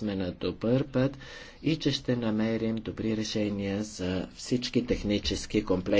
сме на добър път и че ще намерим добри решения за всички технически комплекси.